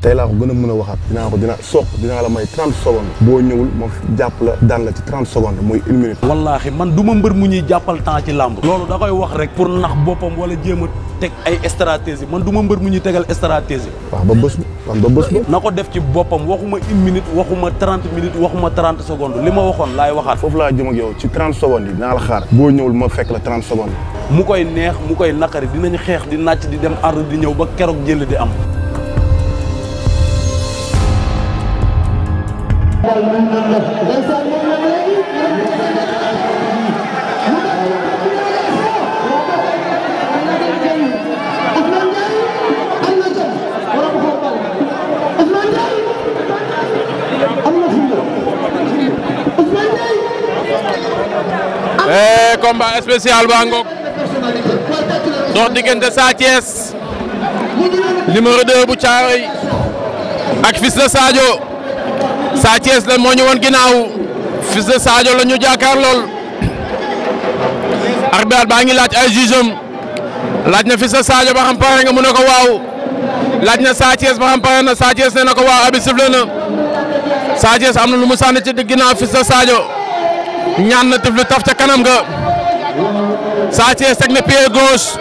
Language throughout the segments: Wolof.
tey laa ko gën a mën a waxaat dinaa ko dina soq dinaa la may 30 secondes boo ñëwul ma jàpp la la ci 30 secondes muy une minute wallaahi man du ma mbër mu ñuy jàppal ci làmb loolu da wax rek pour nax wala jéem teg ay stratégie man du ma mbër mu ñuy tegal stratégie waaw ba bés ba ba bés ba na ko def ci boppam waxuma une minute waxuma 30 minutes waxuma 30 secondes li ma waxoon laay waxaat foofu laa jëm ak yow ci 30 secondes yi dinaa la xaar boo ñëwul ma fekk la 30 secondes mu koy neex mu koy naqari ñu xeex di nàcc di dem ard di ñëw ba keroog jël di am bal eh, ee combat spécial baa ngoog dox diggante Sa Thiès numéro 2 ak fils de Sadio Sa Thiès la moo ñu woon ginnaaw Fils de Sadio la ñu jàkkaar lool arbitre baa ngi laaj ay jugeum laaj na Fils de Sadio ba xam ga nga mu ne ko waaw laaj na Sa Thiès ba xam na Sa Thiès ne na ko waaw abi sifle na am na lu mu sànni ci ginnaaw Fils de Sadio ñaan na tiflu taf ca kanam nga Sa Thiès teg na pied gauche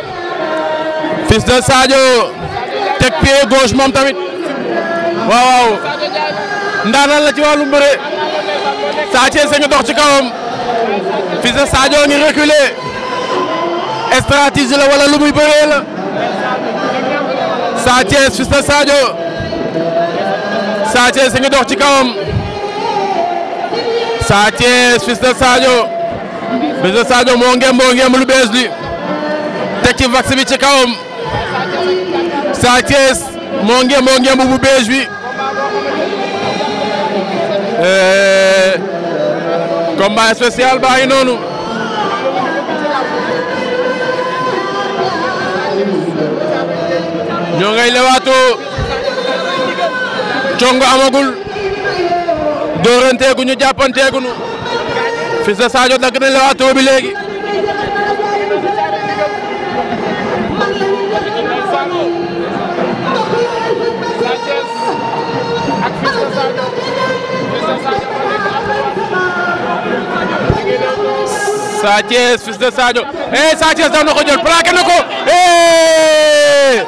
Fils de Sadio teg pied gauche moom tamit waaw ndaanaan la ci wàllu mbëre Sa Thiès a ngi dox ci kawam Fils de Sadio ngi reculer stratégie la wala lu muy bëree la Sa Thiès Fils de Sadio Sa Thiès dox ci kawam Sa Thiès Fils de Sadio Fils moo ngem moo ngem lu bees li teg ci vax bi ci kawam Sa Thiès moo ngem moo ngem bu bees bi Eh, combat spécial baa ngi noonu ñoo ngay lewaato congo amagul dóoranteeguñu jàppanteeguñu Fils de Sadio dagg na lewaato bi léegi Sa Thiès de Sadio eh Sa daw na ko jël plaqué na ko eh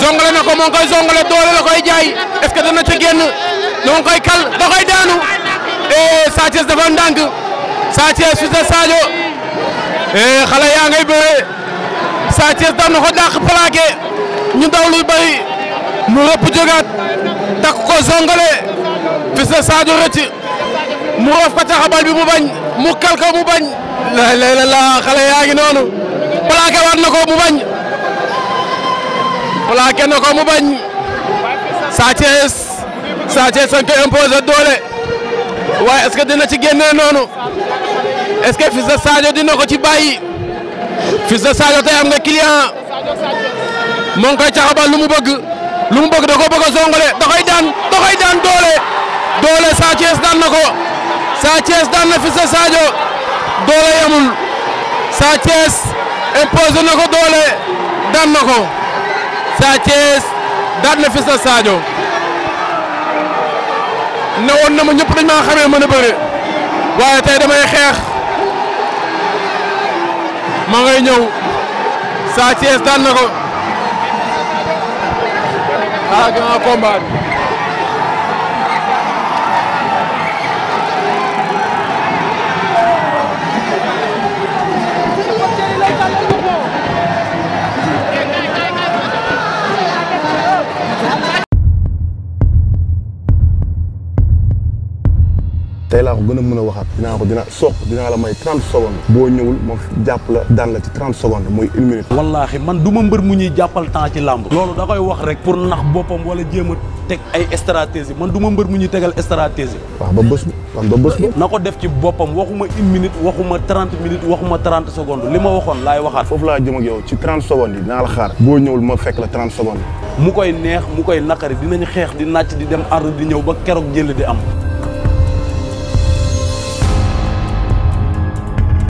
zongale na ko moo koy zongale doole la koy jaay est-ce que dana ca génn ñoo ngi koy kal da koy daanu eh Sa Thiès dafa ndànk Sa Thiès de Sadio eh xale yaa ngay bëree Sa daw na ko dàq plaqué ñu daw luy mu rëpp jógaat takk ko zongale fils de Sadio rëcc mu roof ko taxabal bi mu bañ. mu kal ko mu bañ la la la xale yaa noonu plaqué waat na mu bañ plaqué na mu bañ Sa Thiès Sa Thiès dañ doole waaye est-ce que dina ci génnee noonu est-ce que Fils de Sadio dina ko ci bàyyi Fils de Sadio tey am nga client moo ngi koy caxabal lu mu bëgg lu mu bëgg da ko bëgg a songale da da koy daan doole doole Sa daan na ko. Sa Thiès daan na fi sa Sadio doole yamul Sa Thiès na ko doole daan na ko Sa daan na fi sa Sadio ne woon na ma ñëpp dañ maa xamee mën a bëre waaye tey damay xeex ma ngay ñëw Sa Thiès daan na ko ah grand tey laa ko gën a mën a waxaat dinaa ko dina soq dinaa la may 30 secondes boo ñëwul ma jàpp la daan la ci 30 secondes muy une minute wallaahi man du ma mbër mu ñuy jàppal temps làmb loolu da wax rek pour nax boppam wala jéem a teg ay stratégie man du ma mbër mu ñuy tegal stratégie waaw ba bés ba ba bés ba na ko def ci boppam waxuma une minute waxuma 30 minutes waxuma 30 secondes li ma waxoon laay waxaat foofu laa jëm ak yow ci 30 secondes yi dinaa xaar boo ñëwul ma fekk la trent secondes mu koy neex mu koy naqari ñu xeex di nàcc di dem ard di ñëw ba keroog jël di am